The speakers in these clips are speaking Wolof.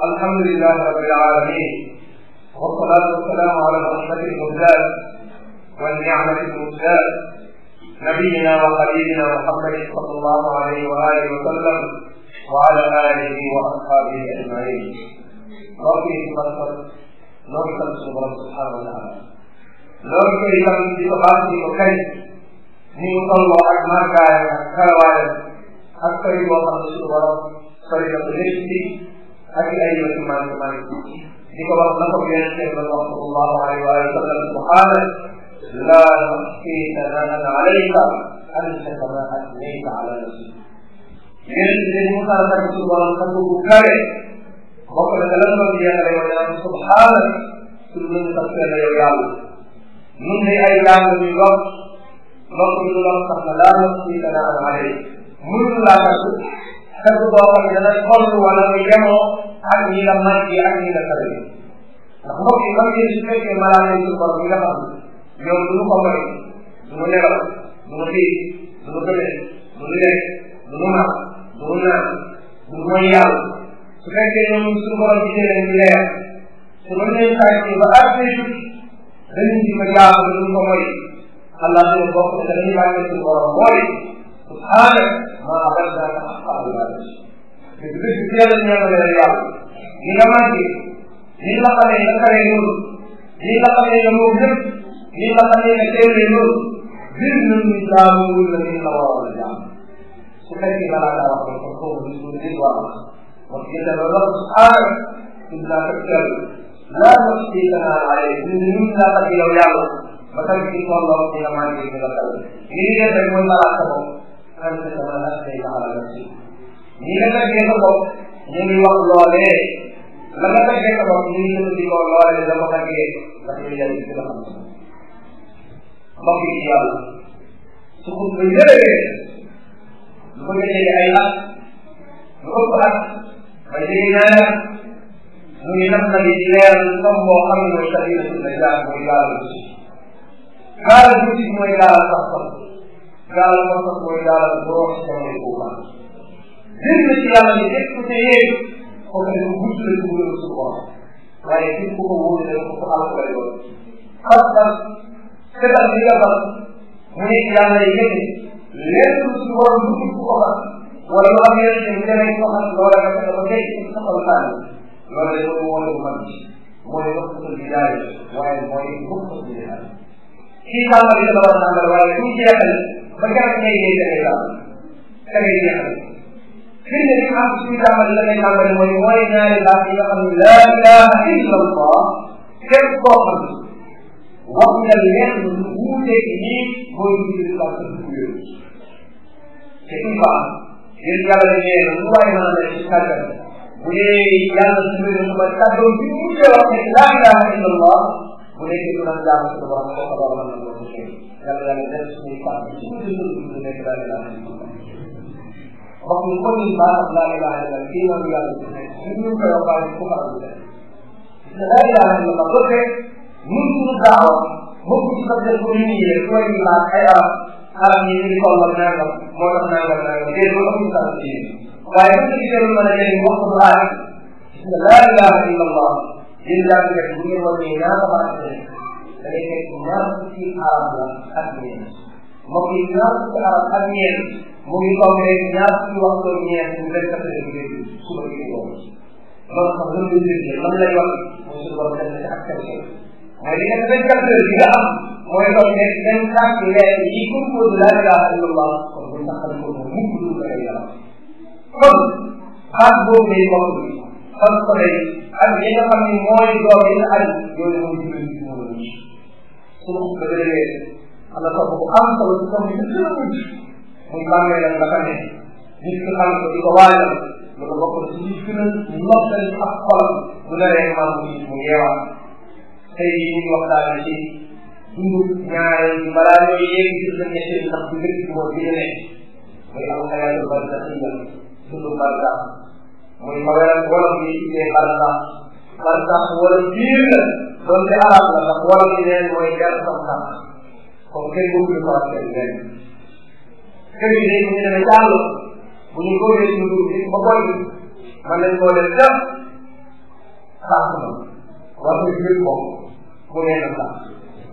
alhamdulilah rabbil alamin wasalaatu wasalaamu ala ashraf al-mursalin wan ni'mati al-mursalin nabiyina wa xalilina muhammadin sallallahu alayhi wa alihi wa sallam wa ala alihi wa ashabihi ajmain mbokk yi ci masal loolu sant suñu borom subhanahu wa taala loolu koy itam di ko baal di ko kay ni mu tolloo ak markaayam ak karawaayam ak kër yi boo xam ne suñu borom sori na ko lépp ak i ay yëngu maanaam maanaam di ko wax na ko yonent bi sallallahu alayhi wa sallam subhaana laa nuxsii sanaatan alayka anta kamaa athnayta ala nafsik yonent bi dañu mos a sant su borom sant bu kawe bokk na lan la ñu yàqale yow yaa subhaana suñu mën a sant la yow yàlla mun ne ay yàlla ñu wax mbokk ñu wax sax laa nuxsii sanaatan alayka mun laa sant tagg boo xam ne dana toll wala lu yemoo ak ñi la may bi ak ñi la tawee ndax mbokk yi xam ngeen su fekkee malaa lañ ci bor bi nga xam ñoom du ñu ko may du ñu nelaw du ñu xiif du ñu tëlee du ñu lekk du ñu naan du ñu naan du ñu mooy yàlla su fekkee ñoom suñu borom bi leen ñu leer su mën nañ tànki ba ak say jub dañu ci ko jaamu du ñu ko may Allah suñu bopp dañuy bàyyi suñu borom mooy subhanak maa raddaaka xaqa ibaadati dëgg dëgg teel a ñaanal yàlla ni nga màgge ni nga xamee nga xamee noonu ni nga xamee nga moom lépp ni nga xamee nga teewee noonu bir nañu jaamuwul la ni nga waroon a jaam su fekkee balaa ngaa wax ko ko mu su nit waa wax wax yàlla ba wax subhanak innaa kakkal laa nuxsi lana alay ñu ñu laa ak yow yàlla ba tamit ci tolloo ni nga màgge ni nga xamee ni nga def mooy malaaka moom ant kama asnayta ala nafsi ñi nga taggee sa bopp ñu ngi wax loolee la nga taggee sa bopp ñu ngi jëfandikoo loolee dama taggee ndax yow yaa ngi gën a xam mbokk yi yàlla su ko ba yëlee lu ko jëlee ay at lu ëpp at ba jege ñaari at mu ngi nag nag di leer comme boo xam ne mooy sabila na jaar mooy gaal mooy gaal sax sax E, daal la ko mooy daal bu rox ci jamono yi boobu gis na ci yàlla ni képp ku teyee kooku dafa gudd la ci wóor su ko waaye képp ku ko wóor la ko ko àll lay doon xam xam seetal bi nga xam mu ne yàlla yéene lépp lu ci war lu ci ko xam wala lu am yenn ci keneen ko xam loola nga xam dafa ngay ci sa xol tànn loola dafa ko wóor bu mag ci mooy wax ko bi daal waaye mooy wax ko bi daal kii tàmbali dafa war a tàmbali waaye ku jeexal ba jàpp ngay ngay demee daal da ngay jeexal fii ne ñu am suñu tàmbali la ngay tàmbali mooy mooy ñaari baat yi nga xam ne la ilaha illa allah képp koo xam ne wax nga leen lu wuuteeg nii mooy lu ñu la ko tuddee te une fois yéen yàlla da ngeen lu waay mën a mel ci kàddu bu dee yàlla su ma kàddu bi mu wax ne la ilaha illa allah bu dee li ñu mën jaamu suñu borom foofu la war a mën a doon suñu yàlla yàlla def suñuy fànn ci suñu dund nekk laa ilaaha illallah wax ni kon ni maanaam laa ilaaha illallah kii mooy yàlla bu nekk ñu ñu koy wax waaye ku faral di def laa ilaaha illallah ba tey ñun suñu daawa moom ci sa def ko ñu yee ku ay laaj ay arab arab yi ñu toll ak nangam moo tax nangam nangam déedéet loolu amul sànq ci yéen waaye bu ñu gisee lu mën a jëriñ wax ko laa ilaaha illallah lislaam kat bu ñu wonee ñaata baat la da ngay fekk ñaar fukki arab la ak ñeent mbokk yi ñaar fukki arab ak ñeent mu ngi toog rek ñaar fukki waxtu ak ñeent ñu leen kat leen dégg suba gi ñu wax loolu xam lan lay dégg lan lay wax mooy suñu borom dañ ak seen xel mooy li nga vingt quatre heures bi nga am mooy toog nekk vingt quatre weer yi ko ko laa ilaha illallah kon bu taxal ko mu mukk lu ko lay yàlla kon baat boobu lay wax bi fan ko lay ak li nga xam ne mooy doom yi nga xam yooyu mooy juróom bi moo doon ji sunu ko dëgëree am na topp bu am solo ci topp yi gën a mujj muy bàmmee nag nga xam ne nit ki xam ko di ko waajal loolu bokk ci li gën a noppal ak xolam bu naree xam mu mu yeewal tey yi ñu waxtaan ci dund ñaareel bi balaa ñooy yéegi gis nañ ne seen ndax bu njëkk bi moo gën a nekk muy am xayaatul barzaxiya dundu barzax muy magaral wolof bi tuddee barsax barsax wala biir la donte arab la ndax wolof yi neen mooy gar sax-sax kon kenn bëggul ko ak kenn benn kër yi day ñu demee jàll bu ñu góobee suñu dugub bi ba koy mën nañ koo def def sax na war nga jël ko mu nee na sax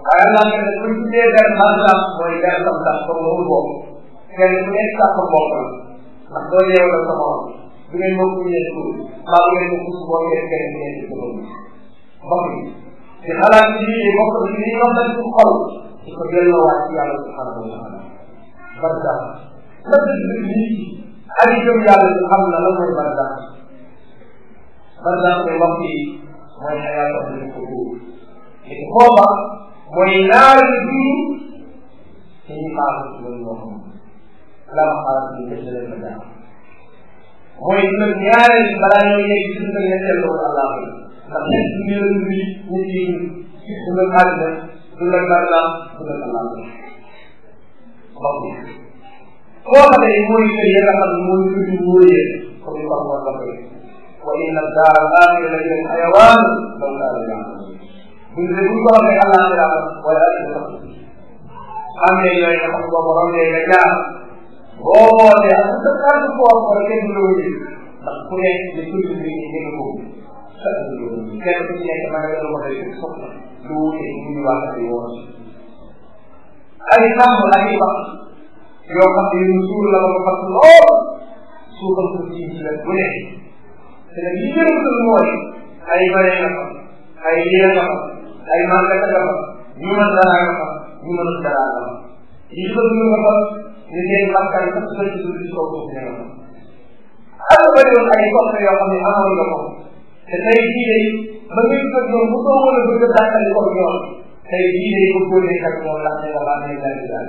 waaye naa ne buñ tuddee gar barsax mooy gar sax-sax comme moom boobu kenn ku nekk sax bopp la ndax doo yeew la sa morom du ngeen moom ñu ne suuf mbaa du ngeen moom suuf boo ngeen keneen ngeen di suuf mbokk yi te xalaat yi ñuy bokk ci li ñoom dañ ko xol di ko delloo waat ci yàlla subhanahu wa taala barka ndax nit ñi ak jëm yàlla ñu xam na lan mooy barka barka mooy wax yi mooy xayaatam li ko góor te xooba mooy naar yi dund te ñu xaaral ci loolu loo xam la xaaral ci ñu def leen la jaaxal mooy dina ñaareel balaa ñoo yegg ci dina ñetteel loolu allah yi ndax ñett ñu yor ñu ñu ci dina xaalis dina barna dina allah bokk koo xam ne mooy kër ya nga xam ne mooy kër yu wóoree comme ñu wax wax ba koy wa inna daara aaxira la jëm ayawaan donc daara yaa bu ñu bu ñu ko waxee allah yaa wala yaa sax amee yooyu nga xam boobu xam ne nga jaar boo wootee ak sa kàddu bopp ba kenn loo ji ndax ku nekk di tudd bi ñu dégg ko sa kenn ku nekk ma nga lu ma koy soxla lu wute ñu ñu wax di woon ak i sàmm ak i wax yoo xam ne yu suur la ko fas lool suufam ko ci ci la bu nekk te nag li gën a mooy ay bare nga fa ay yéen nga fa ay màngat nga fa ñu mën dara nga fa ñu mën dara nga fa yi ko ñu nga fa ñu jël bakkan sax soo ci dugg ci kaw suuf ne la xam nga bëri woon ay soxna yoo xam ne amoon nga ko te tey jii day ba ngay ko ñoom bu soo mën a bëgg a dàqali ko ñoom tey jii day bu góoree kat moom la ne la baax nañ daal di daal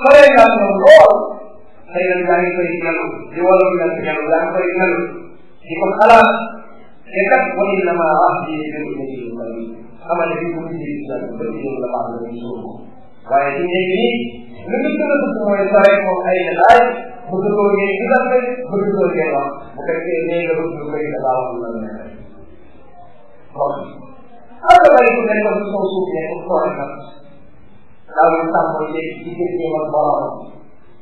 sore nga ñoom lool tey nag yaa ngi koy ñalu di wala nga ci ñalu yaa ngi koy ñalu di ko xalaat te kat wa inna ma wax ji ñu ne ci xamal ne bi bu ci di la ba ci la baax la ñu waaye ci nekk nii li nga gën a dugg mooy sore moom ay détails bëgg koo ngay gisante bëgg koo ngay wax bu fekkee nee nga bëgg lu bëri da baax lu la neex kon am na bari ku nekk ci kaw suuf nekk sore nag daawul sàmm léegi digganteem ak boromam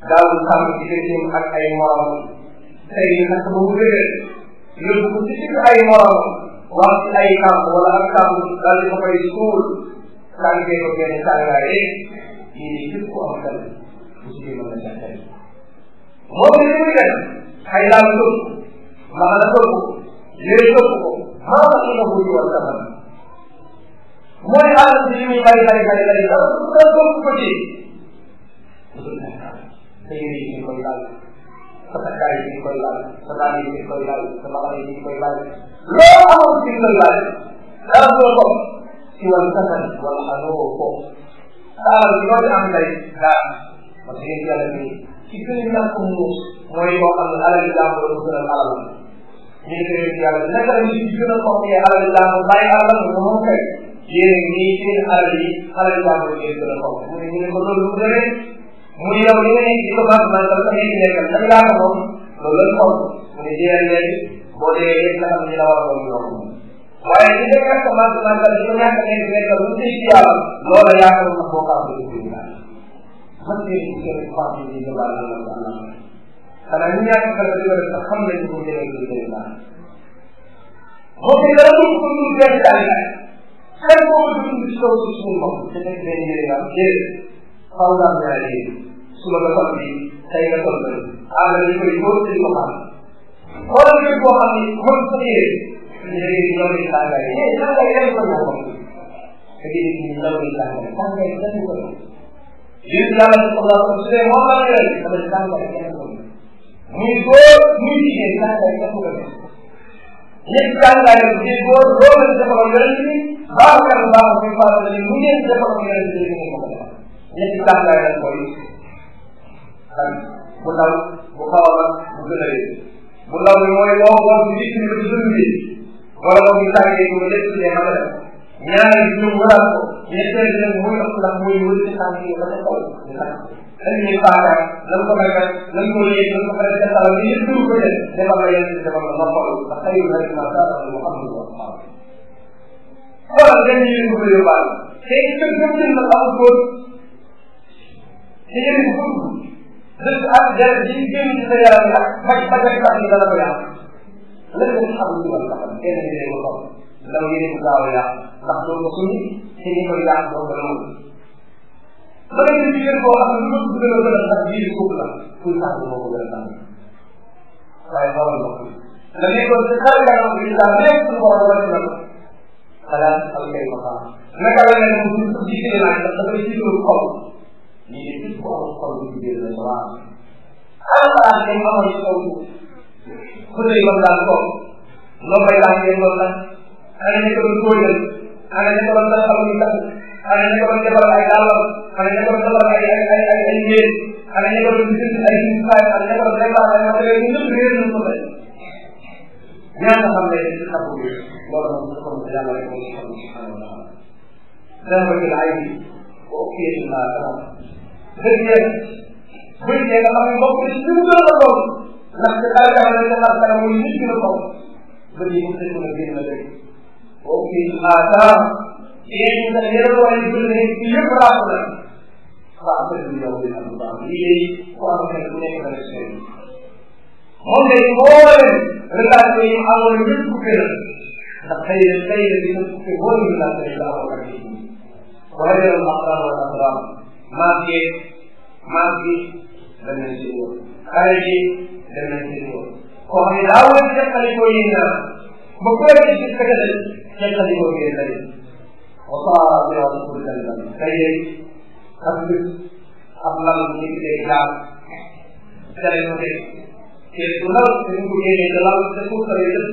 daawul sàmm digganteem ak ay moromam tey nag ba mu dëgër yóbbu ko ci ay moromam wax ci ay kàmb wala ak kàmb daal di ko koy suul tàngee ko benn tàngaay yéen képp koo xam ne bu ci mën a jàppale. moom li muy def ay laal dëkk maana dëkk ko maana su ma bëgg wala sama mooy alal bi muy bari bari bari bari dara du ko dëkk ko ci musul nekk te yéen yi ñu koy laal sa takkaay yi ñu koy laal sa daal yi ñu koy laal sa baba yi ñu koy laal loo amul ci koy laal dara du ko ci wàllu ko alal bi ñoo di am tey daa ma ci yàlla bi ci suñu ñàkk muus mooy boo xam ne alal yi daa ko doon gënal alal ñu ngi koy yàlla naka la ñuy gën a fonkee alal yi daa ko bàyyi alal mu moom kay yéen ñii seen alal yi alal yi daa ko doon gën a fonkee mu ne ñu ne ko loolu bu demee mu yow li nga nekk di ko baax man dafa nekk nekkal dañ laa ko moom loolu la fonkee mu ne jéem leen boo dee yëpp nga xam ne la war a doon yokk waaye li nekk ak commencement daal li ko ñàkk a nekk nekk lu ci ci yàlla loola yaakaar na koo kaw bi dugg naa man de ñu jëlee xaar bi ñu jëlaat la la la xanaa ñu ñàkk a dëgg rek sax xam nañu ko jëlee lu jëlee naa boo ko dara lu ko ñu jël daal la xel boo ko dund ci kaw ci suñu bopp te nekk benn jëlee naa jëlee xaw naa mën a yéen suba nga sol bi tey nga sol bi aada ñu koy góor ci ko xam xoolal ñu koo xam ni moom sa yéen jadi melalui tangga ini. Eh, tangga ini bukan apa. Jadi melalui tangga. Tangga itu bukan. Jadi dalam pengalaman sudah orang lain dalam tangga itu. Mujur, mujur tangga itu bukan. Ini tangga yang mujur, romer sepak bola ini, bahkan bahkan sepak bola ini, mujur sepak bola ini bukan. Ini tangga yang polis. Kan, bukan, bukan, bukan dari. Bukan dari orang orang di sini berjudi. wala boog ñu tàggee ñu lépp lu dee mën a def ñaareel bi ñu mënaat ko ñetteel leen muy ëpp ndax muy wër ci tànk yi dafa kaw ñu tax dañu ñu faakaat lan ko may rek lan ko yëg lan ko fay def dara bi yëpp ñu ko def defal la yéen si defal la ma xool ndax tey rek ma dara lu xam lu wax wala dañu ñu ko bëri baal te it ko gëm ci la am góor ci yéen ko dëgg ak jërë ji gën ci sa yaram yi ak faj faj ak faj dana ko yàq lan lañ xam lu ñu xam kenn di leen ko daw yéen ko gaaw a yàq ndax doo ko suñu te ñu koy yàq doo ko nangu ba nga gis jigéen boo xam ne lu ko gën a gën a sax biir kooku la kuy sax lu moo ko gën a sax waaye xawal ma ko la nekkoon si xar nga xam ne daal nekk suñu borom la ci nangu xalaat al kay ma xam naka la leen mu tudd jigéen naa ndax dafa ci lu xol ñu ngi ci xol xol bu jigéen la ci waa alxuraan dañ xamal ci kaw xutali ba mu daal ko loo koy laaj ngeen loolu nag xale ne ko doon tóoyal xale ne ko doon sax xamuñu sax xale ne ko doon defal ay dàllam xale ne ko doon defal ay ay ay ay ay yéen xale ne ko doon bind ay jumtukaay xale ne ko doon réparé ay matériel ñu ñëpp réer nañ ko tey ñaata xam ne ci xabu bi loolu moom su ko mos yàlla rek moom xam subhanahu wa taala dana ko jël ay bi ko kiyee ci maa dama dëgg yéen bëri nga xam ne bokk ci li mu gën a doon ndaxte barakaam la nga xam mooy nit ki la ko ba léegi mu tëj ko nga génn la dëgg boobu kii xaataa yéen ñu ne yéen a wàññi bële yëpp raaf na waaw kër gi yow dina am baax lii day ku am nekk ku nekk na rek moom day mboole relation yi amoon yëpp ku kër ndax xëy na xëy na dina ku kër boo ñu laajte rek la amoon ak yéen waaye dina ma xaaral wala xaaral maa ngi maa ngi dana ci xale ji dem nañ ci niveau koo xam ne daa war a jëfandikoo yi naan ba ku nekk ci fekk nañ jëfandikoo yi naan waxaa bi wax pour dem nañ tey yéen ak bés ak lal ñu ngi dee gaal dale ko tey te su lal dañ ko yéene te lal te suuf tamit dëpp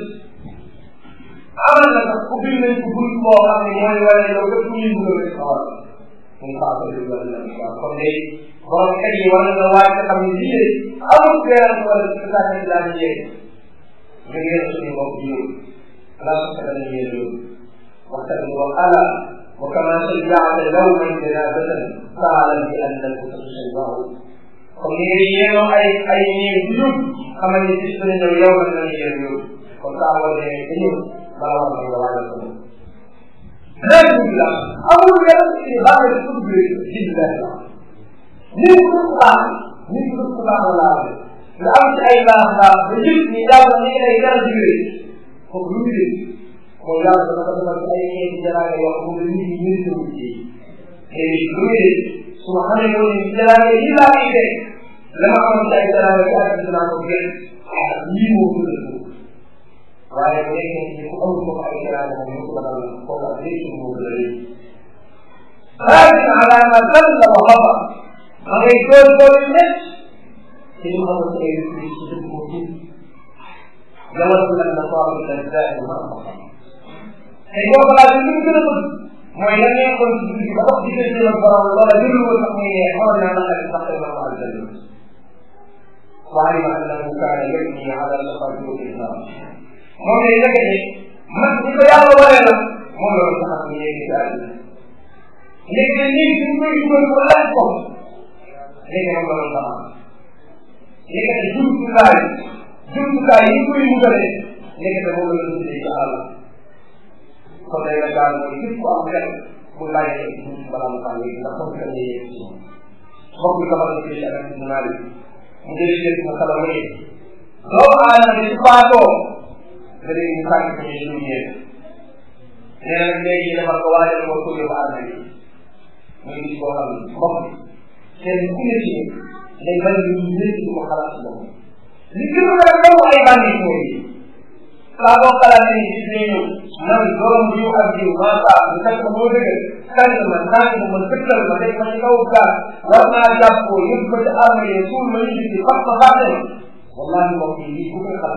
am na nag ubbil nañ ko bunt boo xam ne mooy wane yow lépp lu ñu bëgg a xawal moom Fatou Seye war na la kon léegi borom xel yi war na la waaj a xam ne lii de amul benn wala situation bi daal di jeex nga yéex suñu bopp jiw alaaka fekk nañu yéen loolu waxtaan bi wax ala wa kama shajja'ta lawman janaazatan fa'lam bi annaka qad shajja'ta comme ni ngay yéenoo ay ay ñeent yu jub xamal ni bis bu ne ñëw yow la ñu yéen loolu kon saa war nañu dañu baax a waajal ko Elhamdülillah. Ama bu yarın iman etsin büyük dinlerle. Ne kılık var? Ne kılık kullanmalar? Ve amca eyvahlar, vücut nidamla neyle ilan edilir? Kokuluyor. Koylar sana kadar ayet celale ve kumulini bilmiyorsun ki. Erişilir. Subhane yolun celale ilan edilir. Lama amca celale ve kumulini bilmiyorsun ki. Hakim okudur. waaye léegi ci ku amul ko ay xalaat moom ñu ko dal ko la ci mu lay rabbina ala ma dalla wa khaba ma ngay doon doon net ci lu xam ci ay ci ci ko ci yàlla su lan na ko am la zaay ma ay ko la ci ñu gëna bëgg mooy la ne ko ci ci ko ci ci la borom wala jëlu ko sax muy xool na la ak sax la ma al waaye ma annahu kaana yabni ala al-qadri al-islam moom lay nekkati man bu ko yàlla waree la moom la ko xam ne léegi daal la léegi léegi bu ñu koy dugal ko laaj ko léegi nag loolu la am léegi nag jumtukaay jumtukaay yi koy mugalee léegi nag moom la ñu tuddee ci àll kon day la daal mooy képp ku am xel mu laaj ko ci jumtu balaa mu xam léegi ndax comme que ñu yegg ci mbokk bi xamal na ci ak ak mu naa mu jëlee mu xalaat léegi doomu aadama bi faatoo ba léegi ñu fàttali ñu ñu ñëwee nee na léegi dafa ko waajal ko pour yow àll bi muy gis boo xam ne mbokk seen ku ne ci day bari ñu nekk ko xalaat si bopp li gën a dara daw ay bandi mooy saa boo xalaatee gis day ñëw man doom jiw ak jiw maa saa ñu teg ko boo dëgg kan ma tànk ma tëkkal ma teg ma ci kaw gaal war naa jàpp ko yëpp ba ci àll yi suul ma ñu gis di fàq ma fàq wallahi mbokk yi lii bu ko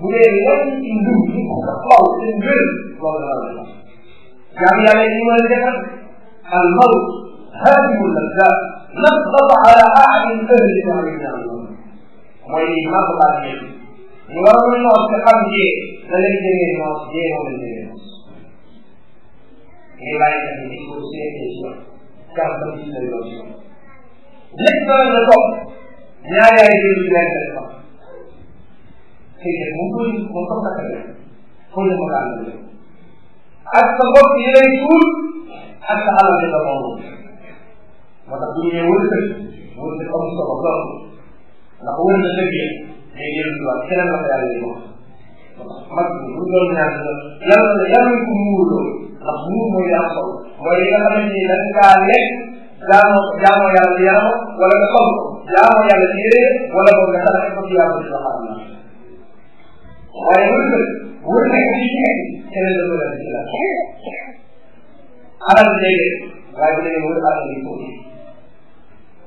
bu dee lenn ci njub bi nga xaw seen mbir loolu dana la jox jaam yàlla yi ma leen defal al mawt haadimu lazzaat nasbata ala ahadin ahli jahanna mooy li ma ko laaj yéen ñu waroon a noos te xam jee da leen jëlee noos jee moo leen jëlee noos ngay bàyyi tamit ci ko seetee ci yoon garab ba ci la yoon ci yoon nekk dana la toog ñaari ay jël ci leen téléphone léegi moom mooy moom sax naka la foo leen mën a àndale ak sa bopp yi lay suul ak sa alal yi la moom moo tax bu ñu nee wër dëkk wër dëkk amul solo lool ndax wër na dëgg yi day jël lu waat keneen la ko yàlla di wax mag bi bu doon ñaan la yàlla la yàlla ko muur loolu ndax muur mooy yaa solo mooy li nga xamante ni da nga lekk jaamoo jaamoo yàlla di yaama wala nga sol jaamoo yàlla di yére wala boog nga tax a ko ci yàlla di la xaaral waaye loolu nag wër na ko ci nekk keneen la mën a def la alal day def waaye bu dee wër alal yi ko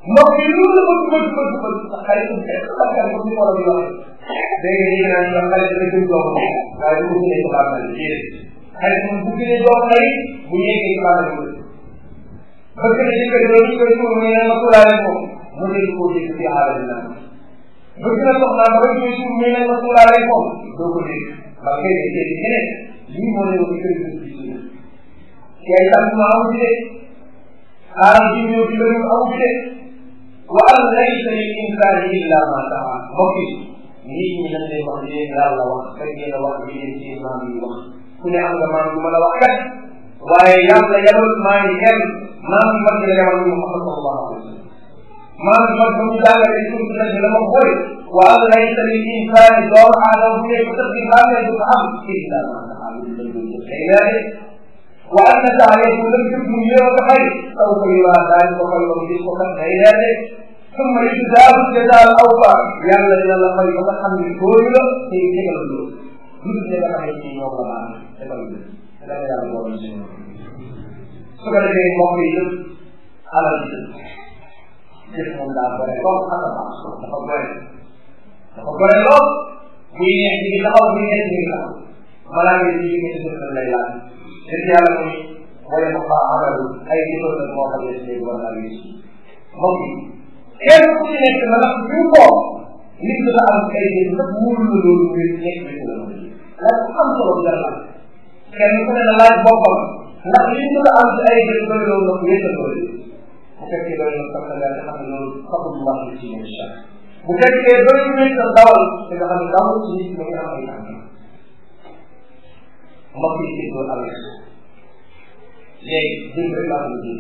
mbokk yi loolu la bëgg bëgg bëgg bëgg xale yi xale yi ñu war a wax dégg nga dégg naa ñu wax xale yi dañu doon waaye bu ko jëlee ko baax na déedéet xale yi bu jëlee doon xale bu yeggee ci baax na bëgg bëgg na jëkkër doon ci ko ci ko mu ne ma ko laale ko mu ne ko ci ci xaaral na bëgg na soxlaa ba nga jógee suuf muy ne ma suulaalee foofu doo ko dégg ndax ngay dégg ci ne lii moo ne woon kër gi ci suuf ci ay tax ma amu de xaaral ji ñëw ci lënu amu ci de wa an laysa lil insaani illa ma sa'a mbokk yi nit ñi dañ lay wax yéen daal la wax fekk ngeen a wax bi ngeen wax ku ne am nga maam yu mën a wax kat waaye yàlla yabal maa ngi kenn maam yi mag la yabal ñu Muhammad sallallahu alayhi wa sallam maanaam ñoom ñoo ñu jàngale ci suñu dinañ la moom mooy waaw laysa lil insaani doomu aadama bu nekk sax di bàmmee du ko am illa ma taxaale wa anna sa'yakum lam yakun yawma xayr sawfa yuraa daalika xayran minkum day leede summa yujzaahu al-jazaa al-awfaa yàlla dina la fay ba nga xam ne góoyu la te tegal loolu dund ne la xamee ci ñoom la maanaam tegal loolu dana yàlla boobu su ko defee mbokk yi alal bi jëf moom daa boole lool xam nga baax dafa boole dafa boole lool buy neex ci taxaw buy neex ci taxaw balaa ngay ci ñu ci lay laaj jëf yàlla mooy wala ko faa amalu ay jëfal la moo xam ne si léegi war naa wéy mbokk yi kenn ku ci nekk na nag ñu ko nit la am ay jëf nag wóolu la loolu muy nekk ci la laaj ko am solo dara la kenn ku ne na laaj boppam ndax li ñu la am ci ay jëf doy loolu nag wéetal loolu bu fekkee doy na sax daal di xam ne loolu fadlullah la ci yéen incha bu fekkee doy nañ sa dawal te nga xam ne dawal ci nit ñi nga am ay tànk mbokk yi ci doon amee léegi jëm rek laa xam ne jëm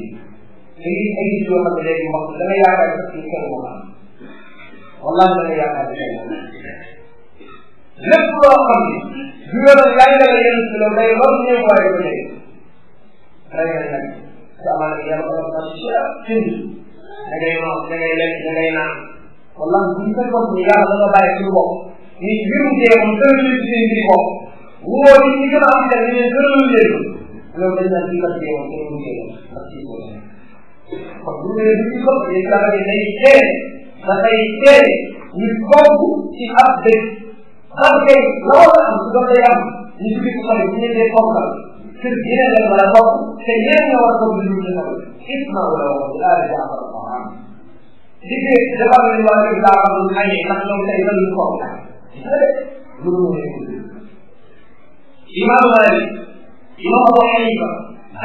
léegi ay nit yoo xam ne léegi mbokk da nga yaakaar ne ci kenn ko xam wallahi da nga yaakaar ne kenn lépp loo xam ne bi nga doon yaa ngi la yéen si loolu day lor ñëw waaye ba léegi day te amaana yàlla borom ba ci la find da ngay noos da ngay lekk da ngay naan wala bu ñu fekkoon ni yàlla da nga bàyyi suñu bopp ni mbirum dee moom dëgg la ci seen biir bopp wóor ni ñi gën a am ne ñu leen gën a leen loolu dañ naan kii kat dee moom gën a dee moom ak kii ko kon bu ñu leen di ko dañuy jàpp ne day teel dafay teel ñu bokk ci ab dëkk ab dëkk la war a am su doon day am ñu fi ko xam ne ñu ne day fonkal sëñ bi yéen a mën a bokk te yéen a war a bokk lu ñu it ma wala wala daal di am ak xam liggéey dafa am lu war a daa am lu xañee ndax ñoom tey ba ñu ko lu mu ne ko imam mali imam abu xanifa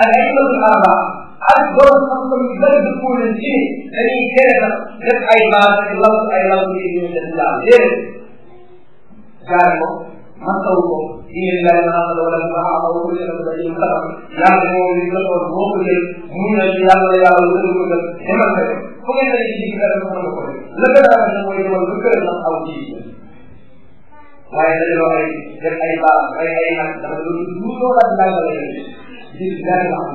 ak ay bëgg xaaba ak borom xam-xam yu bëri di kuule ci dañuy tere nag def ay baas ak law ay law yi ñu def daal déedéet jaare ko masaw ko inna lillahi wa inna ilayhi raaji'uun yàlla moom li nga doon boo ko jël mun na ci yàlla yàlla lu ko jël demal ko def fu ngeen nekk ci biir dafa mën ko def la ko daan def mooy demal lu gën a aw ci waaye dañu loo ay def ay baal ay ay nag dafa lu lu loo laaj laaj la leen di daal la am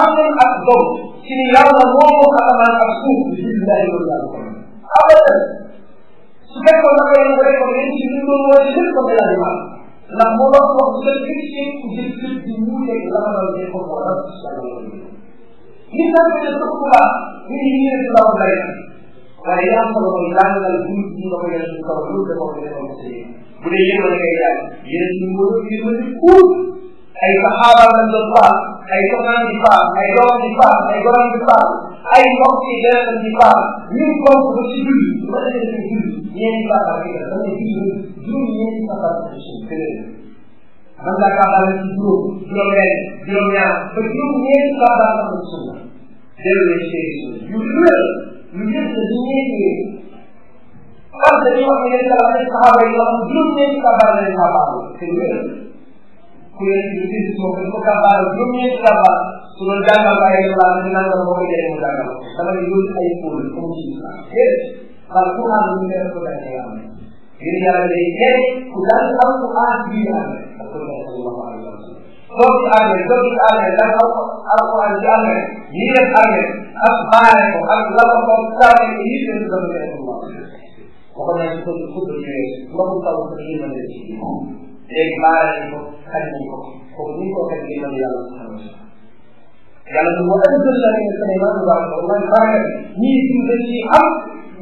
am nañ ak doom ci ni yàlla moo ko asamaan ak suuf di lillahi wa inna ilayhi raaji'uun abadan su fekkoon da koy def ko ci lu doon wala lépp ko la di ndax moo doon wax bu jël critique bu jël critique la nga doon def ko moo doon ci sa yoon bi ni sa ko def sa ko laa ni ni ñu ne law lay waaye yaa solo mooy jàngal bu ñu nga ko yàlla suñu kaw loolu a ngay a ay saxaaba lañ doon faat ay soxnaan di faat ay doom di faat ay gorom di faat ay mbokk yi beneen di faat ñu fonk ko ci julli su ko defee ci julli ñeenti faat la fi def dañu fi ñun juróom ñeenti faat la ko ci gënal man la kaa xale ci juróom juróom benn juróom ñaar ba juróom ñeenti faat la ko ci sunna dellu la ci seen sunna yu wér yu wér la ñu ñeenti wér parce que dañu wax ne saxaaba yi yoo xam juróom ñeenti faat la leen faat te wér kuréel bi ñu gis moom dafa gàmbaar ñoom ñeenti gàmbaar su doon jàngal ba ay gàmbaar dañu naan la moo ko jëlee mu jàngal dama ne loolu ay pôle comme ci islam déedéet alquran lu ñu def ko dañ koy am yéen yàlla day tey ku dal alquran bi am ak ko dal sallallahu alayhi wa sallam toog ci amee toog ci amee dal alquran ci amee ñi def amee ak baare ko ak la ko ko tawee ko yi leen dama def ko waxoon naa ci ko ko ko ñëwee mbokk taw ko ñu mën a léegi baara nañ ko xaj nañ ko kooku ñu ngi ko xaj ngir mën yàlla subhanahu wa taala yàlla du moo ëndal la nekk sama imaam baax ko man baraka ñii suñ dañ ci am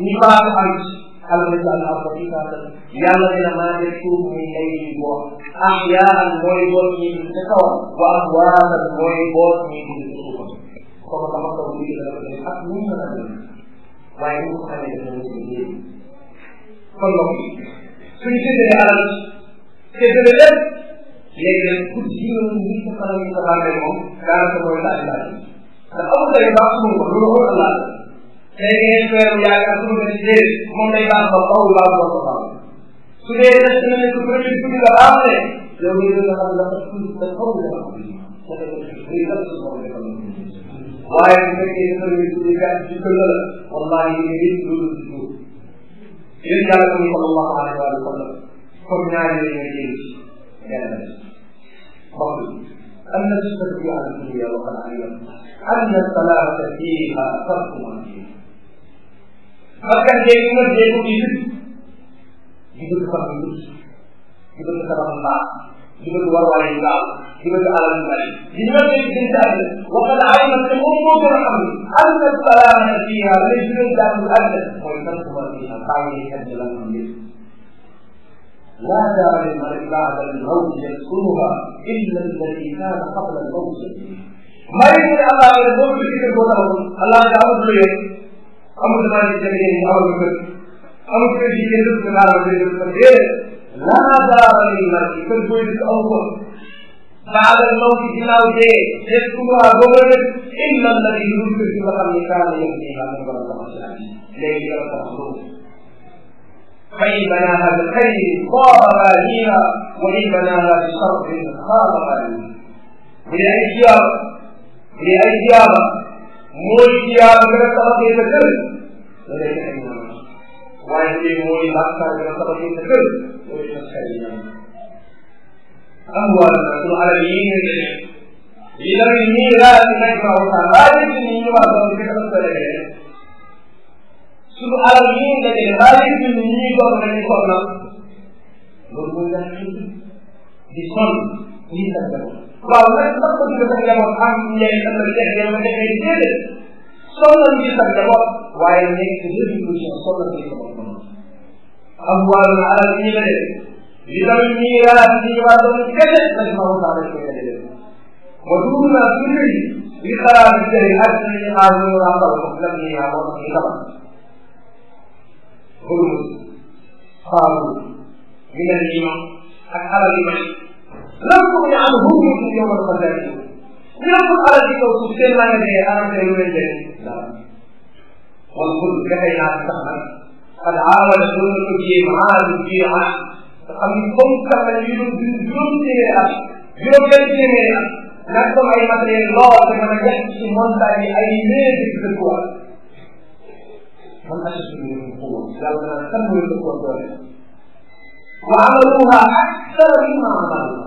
ñi baax am ci xala na yàlla am ci kaatal yàlla dina maa def suuf muy ay ñi boor ah yaaran mooy boot ñi dund ca kaw wa am waaran mooy boot ñi dund ca suufam kooku sama kaw bi dina ko def ak ñu mën a def waaye ñu ko xamee def na ko kon loolu suñu tuddee alal te dëgg lépp léegi nag pour jiw yi ñu xamal ñu xamal moom daanaka mooy laaj laaj ndax amul day baax suñu ko loolu la laaj tey ngeen feeru yaakaar suñu ko ci déet moom day baax ba xaw baax ba ko baax su dee des na ne ko produit bi nga baax ne yow ñu nga xam dafa tuuti te xaw nga xam waaye bu fekkee dafa ñu tuuti gàtt ci kër la wallahi ñu ngi loolu ci yéen yàlla ko ñu ko wax alayhi wa sallam comme ñaari yooyu nga jël ci benn la mbokk yi am na ci sa biir al dunya wa al akhirah am na salaata fiha sab'u marrat bakkan dee nga dee ko ci di bëgg sax yu di bëgg sabax mbaax di bëgg warwaale yu gaaw di bëgg alal yu bari di nga dee ci daal wa qad alima te moom moo gën a xam ni am na salaata fiha lay jural daal mu àgg mooy sab'u marrat fiha bàyyi xel ci lan am yëpp لا دار للمرء بعد الموت يسكنها الا الذي كان قبل الموت மனிதன் அல்லாத மூச்சு போதாலும் அல்லாத அவருடைய அமுதமான சகதியை அவர்கள் அவர்கள் இருக்கிறார்கள் இருப்பது بعد الموت جلاله يذكرها غبرا إلا الذي يذكر في مقام كان يبنيها من الله ليس مخلوق فإن بناها بالخير طاب بانيها وإن بناها بشر خاب بانيها bu dee ay jiyaaba bu dee ay jiyaaba mooy jiyaaba gën a tabaxee sa kër la day ay ñaan waaye bu dee mooy bàkkaar gën a tabaxee sa kër mooy sa xel ñaan amwaal na sunu alal yi nga jëlee li la ñuy raas nekk na ñu suñu alal yi ñuy dajale baa léegi ñun ñi ñuy doon dañuy soxla loolu mooy daal di sonn lii sax jamono. waaw nag sax ko ci sax jamono am ñay sax la jeex jamono dafay déedéet soxla lii sax jamono waaye nekk résolution soxla lii sax jamono. am wàllu alal yi la def li tamit ñi raas ñi waa doon ci kese nag ma ko sax ko yàlla def ma dugg naa suñu li xalaat bi ak ñi ñu aar ñu raasal ko lan ñuy aar wax ñu xamal Hormuz Faaruq yu mel ni ñoom ak alal yu mel lan ko ñu am bu ñu ko yombal ko dara ñu am ko alal ci kaw suuf seen maa ngi dee alal te lu leen jëriñ dara wal xul gaxe naa sax nag qad aawala doon ko jéem aalu bii ah nga xam ni comme sax la ñu doon juróom téeméeri at juróom benn téeméeri at nag sama ay matériel lool te mën a yàq ci montagne ay léegi dëkkuwaay man ashaddu minhum quwwa yàlla naa kan mooy ëpp doole wa amaluha akthara mimma amalu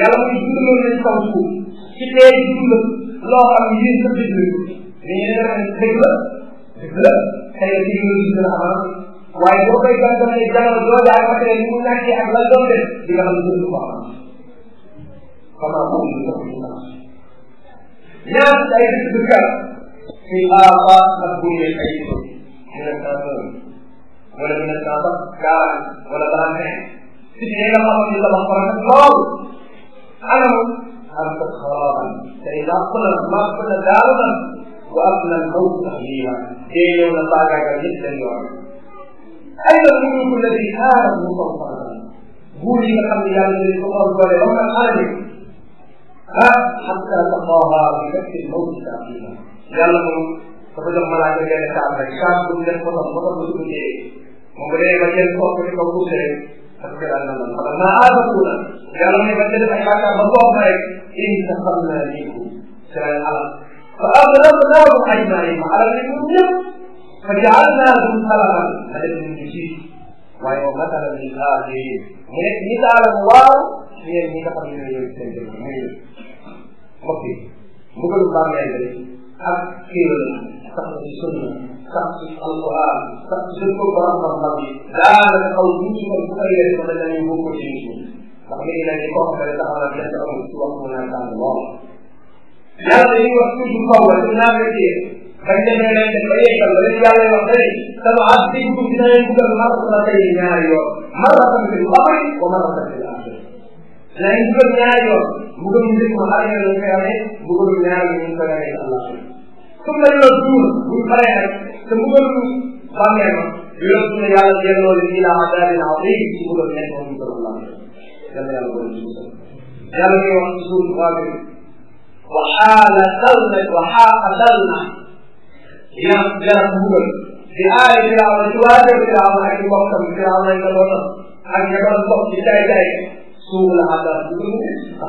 yàlla mooy dundaloon leen kaw suuf ci tey dundal loo xam ne yéen sax déglu dañuy defal dëgg la dëgg la xëy na technologie dina am waaye boo koy gàttalee jaral loolu daal ba tey mu nàkkee ak lan doon def di nga xam ne dund ko am xanaa moom ñu dox ñu am ñaar ay dëkk dëkkal fi aaba ak bu ñu ay 1902 wala 1940 wala 31 si biir nga xamoon ni tabax ko rafet lool alamu am ko xaraaban te ila kuna maa kuna daawatan wa am na kaw tahliya dee yow na saagaagal yëpp dañ yoon ayda muluuk alladi kaana musawwaratan buur yi nga xam ne yàlla dañ ko xool doole ba nga xaajee ah xatta taqaaha bi fekk mawti taaqiha yàlla moom dafa jox malaaka benn saar rek saar bu mu def ko xam borom bu mu téye moom bu dee ba kenn topp di ko poussé rek dafa ko daan naan xam naa aada tuuna yàlla ne ba def ay yaakaar ba toog rek in sa xam naa liiku seen alal fa am na dafa daaw ay naa yi ma alal yi ñoom ñëpp fa jaal naa dum salaman na def ñu ngi ci waaye moom matala ni laa jéeye mu nekk ñi taala mu waaw ñeen ñi nga xam ne yooyu seen jëf muy mbokk yi mbugalu bàmmeel ak xéewal sax ci sunna sax ci alquran sax ci suñ ko borom xam-xam yi daanaka xaw bu ñu ko bu ëllëgee sax dañu bokk ci nit ñi ndax léegi nag ñu koo xam ne taxaw na benn amul ci wax mu naan tàng lool yàlla dañuy wax toujours kaw la dinaa nga téye bañ demee leen def ba yekkal la dañu yàlla wax dane sama ab day dugg dina leen dugal marasana tey ñaari yoon marasana fi lxamri wa marasana fi laaxira dinañ dugal ñaari yoon mu gëm njëkk ma xaar ñu ne ñu koy amee mu gëm ñaari ñu koy amee ci allah comme la yor duur bu ñu paree rek te mu gën bàmmee ma yor suñu yàlla delloo li ila adabin azim ci mu gën nekk moom ko doon yàlla yàlla ko doon suuf yàlla ngay wax ci suuf waa bi wa xaala dalna wa xaala dalna dina dara mu gën di aay bi la amal ci waa dëgg bi la amal ak mbokkam bi la amal ak doon ak nga doon bokk ci tay tay suuf la adab bu gën a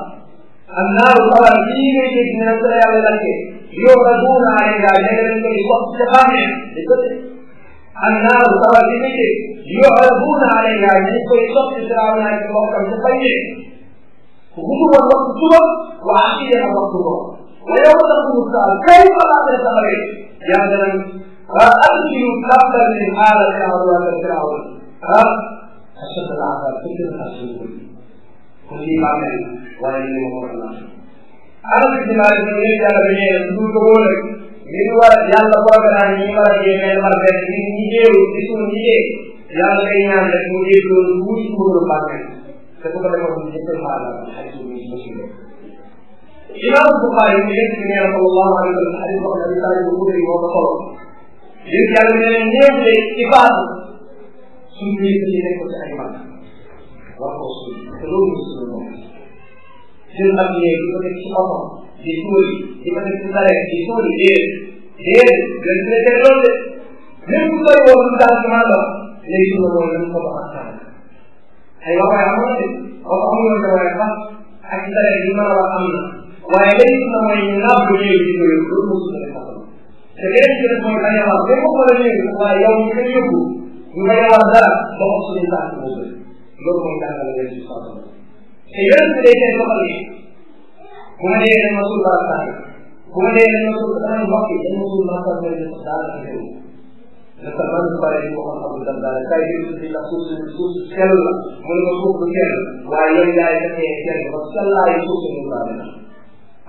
am naaru xabar bii ngay dégg ne la yàlla lakkee يعرضون علينا لأننا في وقت قامع النار توازنته يعرضون علينا من كل شخص فرعون في وقت مقيم غدوا مقصوبة وعشية مقصوبة ويوم تقوم الساعة كيف بعد الثمرين يا زلمة فأرجو قبل من هذا الأمر فرعون أشد العذاب فكر الأسود كل ما من ولا يلومه الناس alhamdulilah ñu ngi yàlla bi ne lu ko wóor rek li ñu war yàlla programme yi ñu war a génneel war benn li ñu jéeru ci suñu liggéey yàlla day ñaan rek mu dégg loolu wuti wóoru bànne te bu ko defoon ñu jëkkal ma àlla ay suñu société imam Bukhari mi nekk ci nee sallallahu alayhi wa sallam xadis boo xam ne taali bu guddi moo ko solo li yàlla ne leen néew de ci baatu suñu nekk ci nekk ci ay mag war ko suñu te loolu suñu bopp jël ak yéen di ko def ci oto di tuuri di ko def ci sareet di tuuri déedéet déedéet dañ koy teg loolu de même bu koy woo lu tax ci maanaam léegi suñu woo dañ ko baax saa ay wax waaye amoon de wax amul woon waaye sax ak ci sareet yi mën a wax am na waaye léegi suñu mooy ñu naaw lu ñëw di ko yóbbu loolu moo suñu def te léegi ci def mooy bañ a wax même bu ko la ñëw waaye yow ñu koy yóbbu ñu bañ a wax dara ba ko suñu tax loolu mooy jàngale leen ci soxla te yéen su dee kenn doxal yi bu ma dee ma suul bala saa bu ma dee ma suul sama mbokk yi ma suul ma saa bëri na daal la ñëw ne sa man su paree ko xam xam dal daal kay yu di la suuf su suuf su sell la mu ne ma suuf bu sell waaye yow yaay defee sell ba sellaayu suuf su mu daal la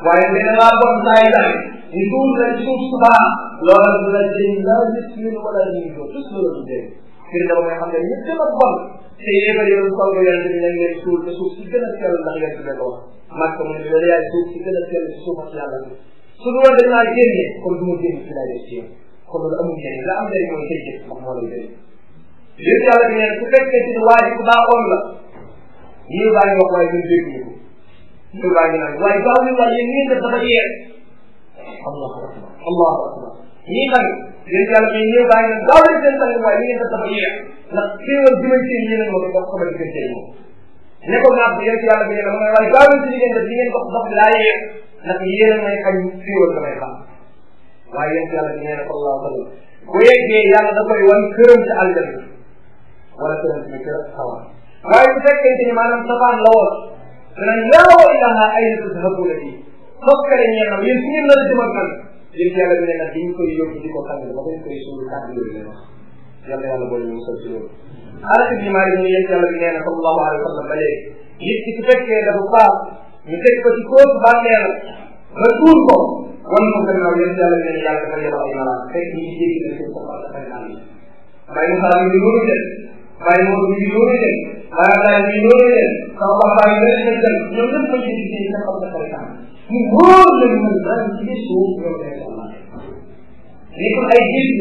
waaye nee naa bon saa yi daal ñu suuf la suuf su baax loolu la dinañ la gis ñu wala ñu ko tout loolu dégg mbir dama mooy xam ne ñu gën a bon te yéefar yoon sol ko yonente bi nañ leen suul te suuf si gën a sell ndax yonente bi ko wax màkk mu ne loolu yaay suuf si gën a sell si suufas yàlla bi su dul woon dañ laa génne kon du ma génn ci laa def ci yow kon loolu amul njëriñ la am njëriñ mooy say jëf ndax moo lay jëriñ yéen yàlla bi neen su fekkee ci waa ji ku baaxoon la ñii baa ngi wax waaye ñun dégg ñu ko ñii baa ngi naan waaye baaw mi waaye yéen ñii def dafa jeex allahu akbar allahu akbar ñii tamit yéen yàlla bi ñëw bàyyi na daaw leen seen sang waaye li ngeen def dafa yéex ndax xéewal bi may seen yéen ma ko dox sama diggante yi moom ne ko naat yéen yàlla bi ngeen ma waaye daaw leen si li ngeen def li ngeen dox dox laa yéex ndax yéen may xañ xéewal damay xam waaye yéen yàlla bi nee na sallallahu alayhi wa sallam bu yeggee yàlla da koy wan këram ci àljanna wala këram ci kër xawa waaye bu fekkente ni maanaam safaan la woon danañ laa wa ilaha ayna tadhabuuna bi sokkale ñeenam yéen su ngeen la jëmal kan yéen ci yàlla bi ne nag bi ñu koy yóbbu di ko xàmmee ba bañ koy suul kàddu yooyu la wax yàlla yàlla boole ñu sol ci loolu xalaat bi maa ngi yéen ci yàlla bi nee na sallallahu alayhi wa sallam ba léegi nit ki su fekkee dafa faaf ñu teg ko ci kóosu bàmmeel ba tuur ko wan ko gannaaw yéen ci yàlla bi ne yàlla dafa yebal ay malaat fekk ñu jéggi na seen bopp dafa ànd bàyyi mu xalaat ñu loolu def bàyyi mu ñu loolu def bàyyi mu ñu loolu def sama bàmbaay yi ñoom ñëpp ko ci liggéey nga xam ne mu wóor la ñu mën a ci biir suuf yow day ni ko ay gis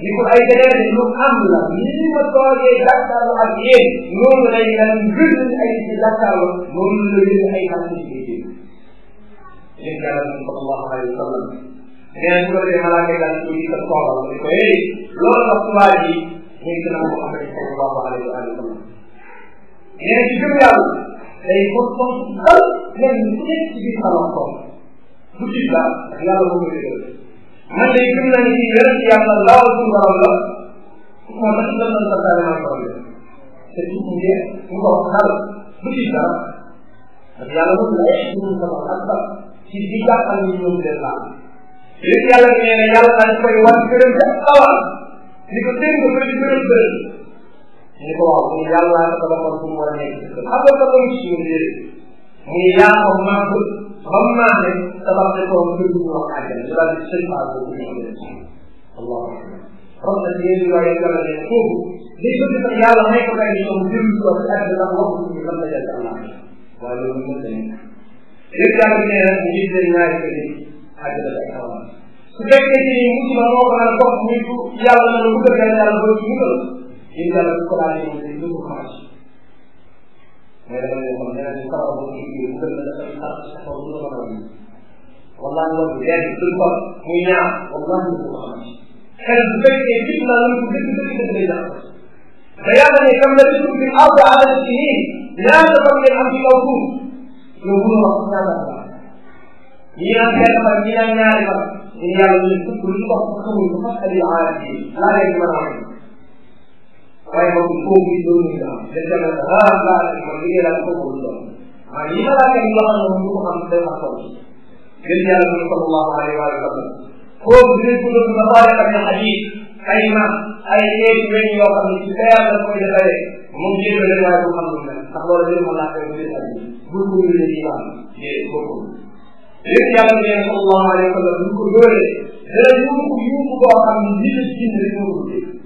ni ko ay beneen lu am la ni ma toogee jàkkaarloo ak yéen noonu lay daan gën ay ci jàkkaarloo noonu la gën ay xam ci biir yéen. yéen yàlla nañu ko Allah alayhi wa sallam nee na bu ko defee malaaka yi daan ko gis ak kooram ni ko hey loolu la tubaab yi muy gën a ko am rek sallallahu alayhi wa sallam nee na ci gëm yàlla day ko toog dal lenn ku nekk ci biir xalaat ko bu ci daal yàlla moo koy dëggal man day gëm naa ne ci yonent yàlla laawal suñu borom la moom nag lan la santaane maa borom la te ci mu ngee mu ko xal bu ci daal ak yàlla moom la suñu borom ak ba ci di jàppal ni ñoom leen laal yéen yàlla nee na yàlla daal koy war gërëm ca awal ni ko dégg ko di gërëm gërëm ni ko waaw yàlla dafa la ko bu mu war a nekk xam nga ko ci ñu muy yaa ko màgg ba mu màgg tabax ne koo ngir mu wax àjjana su daal di sëñ Ba ko ñu ñëw Allah kon nag yéen ñu waaye yàlla ne foofu li ñu def yàlla may ko ay soom jëm ko ci àddina wax ñu lan la jël Allah waaye loolu mën na nekk lépp yàlla ne rek ñu gis leen ñaari ko ni àddina day xaw su fekkee ci musiba moo ko naan bopp muy yàlla na lu bëgg yàlla ba ci mutal yéen yàlla ko laajee ñu ko xaaj mais dama leen wax ne la ñu sawar boo liggéey mu gën la dafay sax saxoo du la mën a wéy wallahi loolu leer bi suñ xol muy ñaar wallahi ñu ko xam xel bu fekkee nit naa lu dëgg dëgg dëgg lay dàq te yàlla ne kam la dëgg bi aw ba ala si nii ñaata fan ngeen am ci kaw suuf yow bu la wax ñaata fan ñi naan benn fan ñi naan ñaari fan ñu yàlla ñu sukk lu ñu wax xamul ba fas ali aala ji laa lay mën a waaye moom foofu bi doon ñu am dañ dem ak ah laa la ko liggéey laa ko ko doon waaye li ma laa kay yoo xam ne ko xam dafa xaw ci gën yàlla mu sallallahu alayhi wa sallam foofu bi ko doon ba pare ak xadiis ay ma ay xeeti weñ yoo xam ne ci leer la koy defale mu ngi jéem leen waaye bu xam lu mel ndax loolu leen ma laa koy gën a bu ko ñu leen iman ye bokku gën yàlla mu sallallahu alayhi wa sallam bu ko doole dara ñu ko yu ko xam ne ni ci ni ko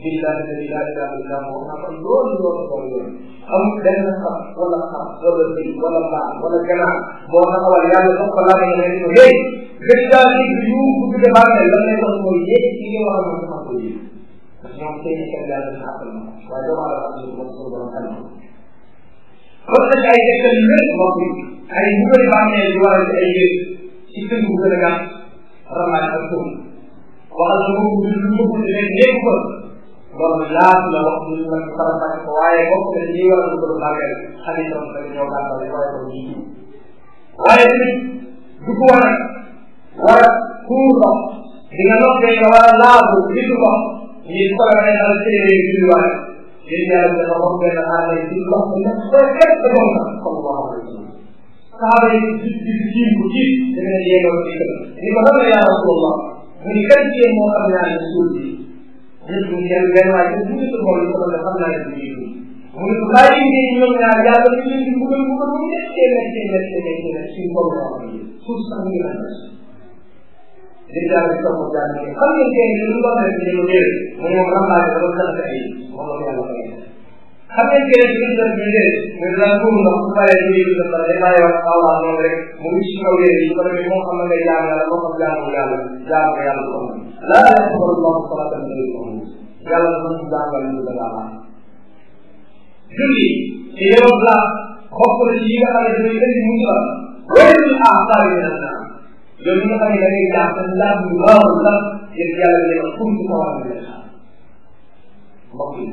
billahi la ilaha illa huwa xam nga loolu loolu moom loolu amul benn xam wala xam wala bi wala baax wala gannaaw boo taxawal yàlla sax ko laaj nga ne ko hey gëj daal di yu bu ci defar ne lan lay wax mooy yéeg ci li war a mën a ko yéeg parce que ñoom seen kenn daal di xaaral ma waaye dama la wax ñu ko ko borom xel kon nag ay tegtal yu bëri mbokk yi ay bu bëri bàmmee di waral ci ay yéeg ci kër bu gën a gàtt ramaay ak tóom waxal sa bopp lu ko nekk nekk ko loolu yaatu la wax ñu la ko faram ko waaye bokk na ci liy waral loolu màggal xaritam dañ ñëw gàttal waaye ko jiitu waaye tamit du ko war a war a tuur ndox di nga ndox nga war a laabu bitu ndox ñu ko la ngay dal ci réew yi waaye yéen yàlla dafa wax benn aada yi bitu ndox ñu ko fekk ci moom sax comme wax na ci saaba yi di di jiim ko jiit dina yeegal ci kër ni ko xam ne yaa rasulullah mu ni kan ci moo xam naa ne suul bi nit ñi kenn benn waaye kenn duñu sa xol ko xam naa ne duñu ñu mu ne laa yëngee ñoom ñaar yàlla ñu leen di mbugal mbugal mu mettee mettee mettee mettee nag suñu borom la wax suuf sax ñu la nas li daal di topp daal ne xam ngeen kay lu doon rek ñu réer mu ne moom rambaale ba doon tax ay moom la yàlla fay xam ngeen que li ñu doon bindee muy lan pour ndox bu paree ñu yëngu dafa day bàyyi wax Allah noonu rek mu ngi ci kaw yéen yi ko defee moo xam ne ngay jaamu yàlla moo xam jaamu yàlla jaamu ko yàlla ko am laa la ko xool ndox sama tam day ko am yàlla dafa ci jàngal ñu da laa julli ci yow la bokk na ci yi nga xam ne dañuy indi mu sal loolu ñu ah saa yi naan naa yow ñu xam ne da ngay jaax sa laaj bu baax la yéen yàlla ne ma pour ñu ko war a mbokk yi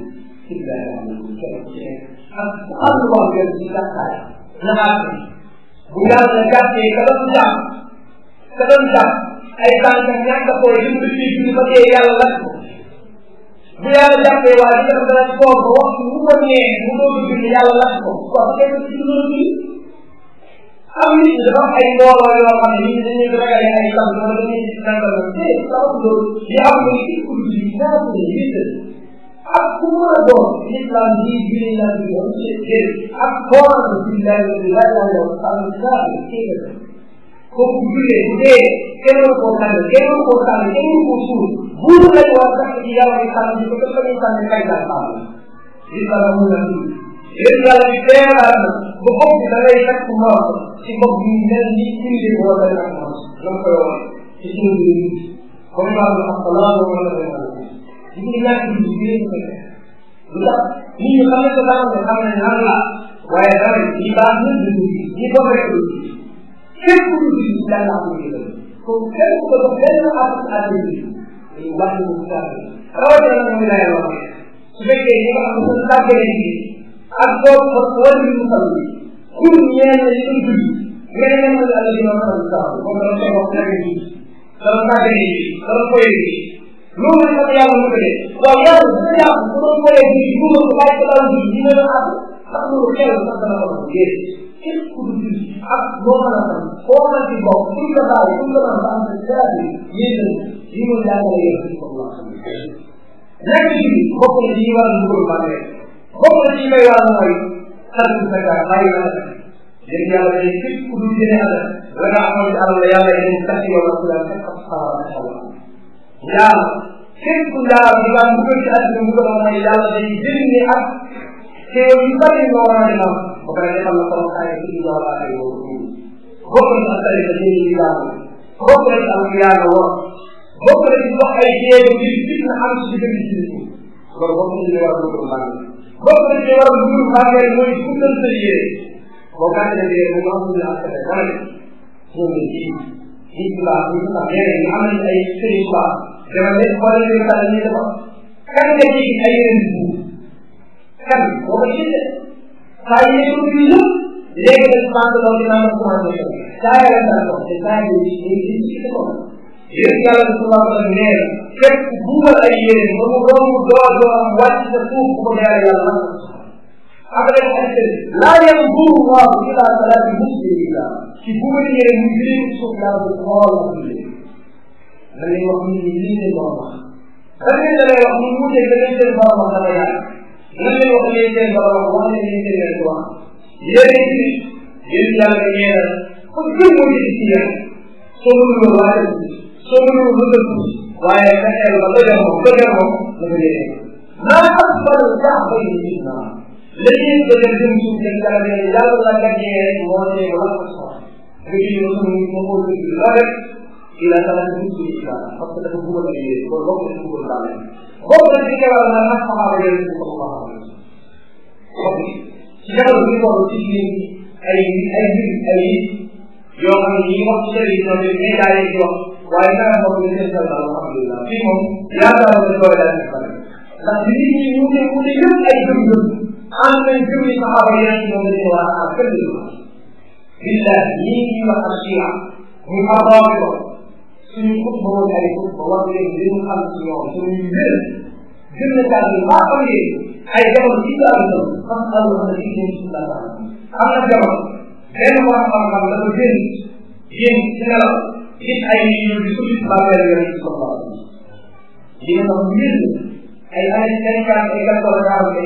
bu yàlla jàppee ka doon jàpp ka doon jàpp ay tànk ñàkk ko yëpp fii bi ba tee yàlla lakk ko bu yàlla jàppee waa ji dafa dara toog ba waxtu bu ko nee mu doog a bind yàlla lakk ko waaw ba tey ci loolu bi am nit ñi dafa ay mbooloo yoo xam ne nit ñi dañuy ragalee ay tam wala dañuy gis nangam ak tey sababu loolu li am ni ci kuréel yi ñaata la ak ku mën a doon l'islam bi julli la bi yoon ci jël ak koor bi la bi la la yoon ak saa bi kii la kooku jullee bu dee kenn la koo tànn kenn la koo tànn kenn la koo suul buur lañ war sax ci yàlla di tànn ko dafa ñu tànn kay la tànn li la la mun a tudd yéen yàlla bi teeraa na ba bopp bi da ngay takk moom ci bopp bi mel ni julli wala la moom la ko yoon ci suñu biir comme maa ngi wax salaam wa rahmatulah li ñu ñàkk ñu ñu ñu ko def lu tax nit ñu xam ne ko baax nga xam ne lan la waaye dara ñi baax na ñu ñi ko rek lu ci képp ku ñu ci yàlla am ñu ko kon kenn ko ko benn at at yi ñu wax ñu ko tax rawatina ñu lay wax su fekkee ñu am sa tàggee ni ak boo ko wala ñu xam ni ku ñeen la ñu dul ngay nemal la ñu xam sax ko ko ko ko ni ko ko ni ko ko loolu la ko yàlla mënule waaw yàlla dina yàlla bu doon boolee bi bu ma ko bàyyi ko daal bi dina la àgg sax loolu yàlla sax dana ko dee képp ku du jul ak loo mën a xam koo mën ci bokk pour nga bàyyi pour nga mën a am sa jaar bi yéen li ma yàlla yéen ci ko wax nekk ci bokk na ci war a dugal ma rek bokk na ci may war a mooy sant sa gaa bàyyi na la léegi yàlla day képp ku du jëlee àll la nga amoon ci àll la yàlla yéen sax yow la ko yàlla fekk ak xaaral xaw ñaar képp ndax bi nga am ci àddina mu ko doon mooy yàlla day jëriñ ni ak teew yu bëri nga war a defal ba pare defal la ko ay suñu doole ay wóor bokk na sa tariqa ci ñu yàlla bokk na ci am yàlla war bokk na ci dox ay jéego ci fit na am ci diggante ci nit loolu bokk na ci li war a dugg mbaa bokk na ci war a dugg mbaa mooy guddal sa yéene boo gàttalee mu am lu la ak sa dara ñoom ñu ci ñu ci baax ñu ci baax ñeneen ñu am nañ ay sëriñ baax dama ne xoolal li nga xam ne dafa kan nga ci ay yéen bu kan boo ko gisee saa yi ñu ko gis léegi nag maa ngi doon dinaa la commencé yow saa yi la ko te saa yi ñu ngi ci ci ko yéen yàlla su ma ko nee la fekk buumal ay yéen ba mu doon mu door door am wàcc sa suuf bu ko ñaare yàlla après mu xasee laa yem buuru waaw ila salaati muslimina ci buumal yéen mu jëlee suuf laa ko xool da ngay wax nit ñi lii seen borom wax lan ngeen da ngay wax ñu wuute da ngay seen borom wax dafa yaatu lan ngeen wax lii seen borom wax wax ne lii seen yàlla wax yéen a ngi yéen yàlla da ngeen a ko gën moo ci ci yàlla soo mënul waa dëkk soo mënul lu dëkk waaye fexeel ba doy moom doy moom la ko yéene naa sax fan sax bay ni ci naa la ñuy ba dem jëm suuf dem dara ne yàlla la gàccee rek moo ne wala ko soxla nga ci yow sama mu ko ko la rek kii laa tax a dugg ci islam parce que dafa bëggoon a liggéey loolu bokk na ci bëggoon daal lañ. bokk na ci keroog nag nag xamaa la yële ko xamaa la kon ci jamono bi ko ci jigéen ay ay ay yoo xam ne ñi wax ci sëriñ ñoom ñoom ñooy jaay ci wax waaye dara bokk na seen sal alhamdulilah fii moom yaakaar naa ne loolu daal ci fan ndax li nit ñi wute wute yëpp ay gëm-gëm am nañ gëm yi saxaaba yéen ñoom dañ ko war a am kenn du ma billahi ñii ñuy wax ak siira muy xabaar ko suñu xutba woon ay xutba war leen li ñu xam ci ñoom suñu mbir gën na daal di baax a yee ay jamono ci daal di xam xam na ci seen ci la am na jamono benn war xam xam la ko génn génn ci nelaw gis ay yu di ko gis bàmmeel yu ci soxla li nga xam mbir ay ay ay kan ay kan ko la ay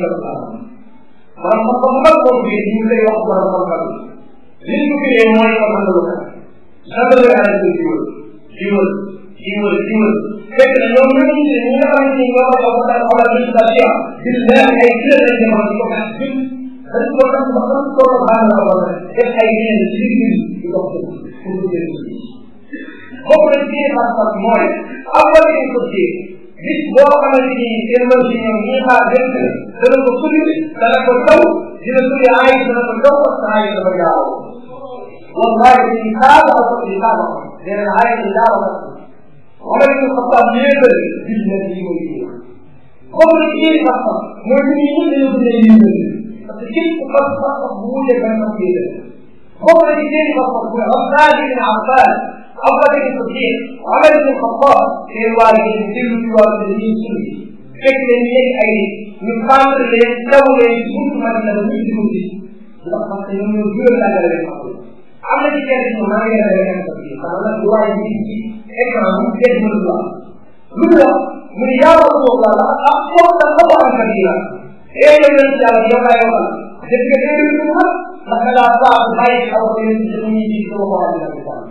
kan ko borom ko xamal ko bi ñu lay wax borom ko xamal li ñu ko mooy ko xamal ko sabal ay ko jiwal jiwal jiwal fekk na ñoom ñoo ñu ñi nga xamante ni ñoo ko wax ak wala ñu ci ci di leer ay ci la ci ma ko wax ci dañ ko tax ba xam ko ko ba la wala def ay yeneen ci ci di ko ko ko ko bokk na ci ba sax mooy awal yi ko ci bis boo xamante ni seen mën ci ñoom ñi xaar benn dana ko suli dana ko taw dina suli ay dana ko taw ak ay dafa yaaw wallahi ni xaar ak ni xaar nee na xaaral ci dara la Omar ibn Khattab yéegal biñ ne lii mooy lii comme nag lii sax sax mooy nit ñi ñun dañoo dundee yéegal parce que képp ku sax sax sax bu wuuteeg benn sax yéegal comme nag lii sax sax mooy Abdallah ibn Abbas Abubakar ibn Siddiq Omar ibn Khattab seen waa yi dellu ci wàllu dañuy sunu fekk leen nekk ay ñu fànn leen taw leen surtout man la ñu ci ndax parce que ñoom ñoo gën a jàngale leen am na ci kenn ci maa ngi leen di leen di maanaam lu waay di ci écran bi dégg nga lu wax lu mu wax mu ne yaa war a toog laa la ah foofu la ko waxal ka bii la ee yow yéen ci yàlla yow laa yow la def nga dégg lu mu wax ndax da ngaa faa bàyyi xaw ko yéen ci ñu ci sama ko waxal la ko wax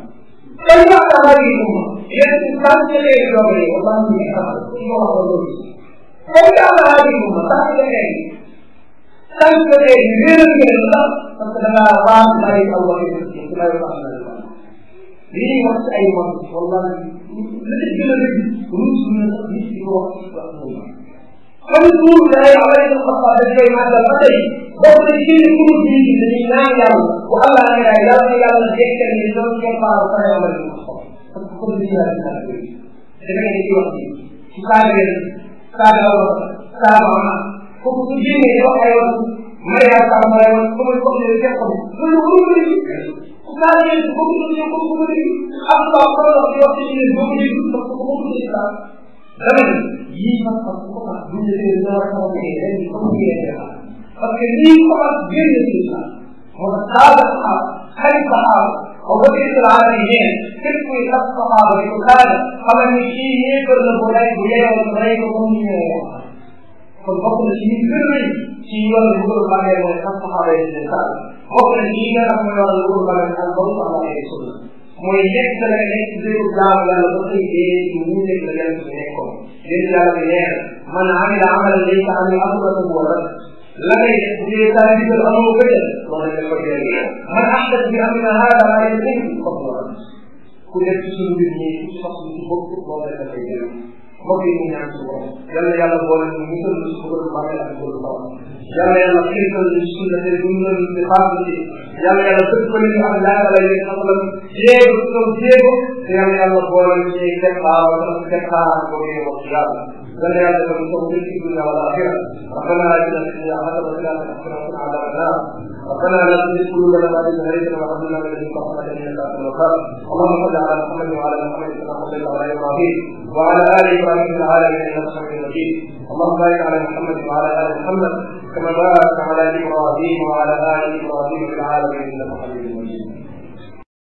kay wax na ma yi mu yéen ci sant lee doole wala mu ne xamal ci ko waxal loolu kay wax na ma yi mu ma sant lee tànkale réew mi la parce que da ngaa baal bàyyi aw wax yi ci lay wax na la li ñuy wax ci ay wax wallahi li ci gën a rëy ruus na sax nit ki ko wax ci wax moom kon suuf da ay wax rek wax wax dañ koy màggal ba tey bokk na ci kenn ku dul nit ñi dañuy naan yàlla bu Allah ne yaay yàlla na yàlla dekkal ni doon keppaaru sa yàlla di wax ko parce que comme ni yàlla dina la da ngay ci wax ni su kaagee saaga wax saaga wax kooku su génnee yoo xayma mayaal sax ma ne ma ne ko jëlee kenn xamul loolu mënul ko dégg ku saa yéen su ko ko dégg ko ko dégg am na ko la wax ci yéen ba mu dégg ko ko ko dégg sax dama ne yii ma xam ko ma bu ñu leen door a xaw a tey ren ko mu yéen def parce que lii ko ma génn ci sax moo tax saa la xaar xarit ba xaar ko ko dégg laa ne yéen képp kuy tax ko xaar ko ko saa la xamal ni kii yéen ko la bu lay bu yeewal rey ko mu ñu yéen kon bokk na ci ñi gën a rëy ci yoon bi ko bàyyee mooy xam saxaaba yi seen saal bokk na ci nga xam ne yoon bi ko bàyyee xam borom saxaaba yi sunna mooy nekk la nga nekk dëgg jaamu yàlla ba xëy dee ci mu nekk la yàlla bi nekkoon yéen yàlla bi nee na man amila amalan lay sa amee asuratu wa rab la ngay def bu dee saa yi gën amoo ko jël loolu la ko jël man ahdat bi amina haada ma yëg ko ku def ci sunu mbir ñi ci sax ci bopp loolu la koy jël mbokk yi ñu ñaan suñu borom yàlla yàlla boole ñu musal ñu suñu borom baaxee ak suñu borom yàlla yàlla xiirtal ñu suñu te ñu mën di xaarandi yàlla yàlla dëkk ko ñu am laata lay leen xamalam jéego toog jéego te yàlla yàlla boole ñu ci keppaaw ak keppaaw boo ngi wax yàlla yàlla yàlla dafa ñu soog ci dunya wala axira rabbana atina fi dunya hasanatan wa qina adhaban nar ربنا لا تزغ قلوبنا بعد إذ هديتنا وهب لنا من لدنك رحمة إنك أنت الوهاب اللهم صل على محمد وعلى محمد كما صليت على إبراهيم وعلى آل إبراهيم في العالمين إنك حميد مجيد اللهم بارك على محمد وعلى آل محمد كما باركت على إبراهيم وعلى آل إبراهيم في العالمين إنك حميد مجيد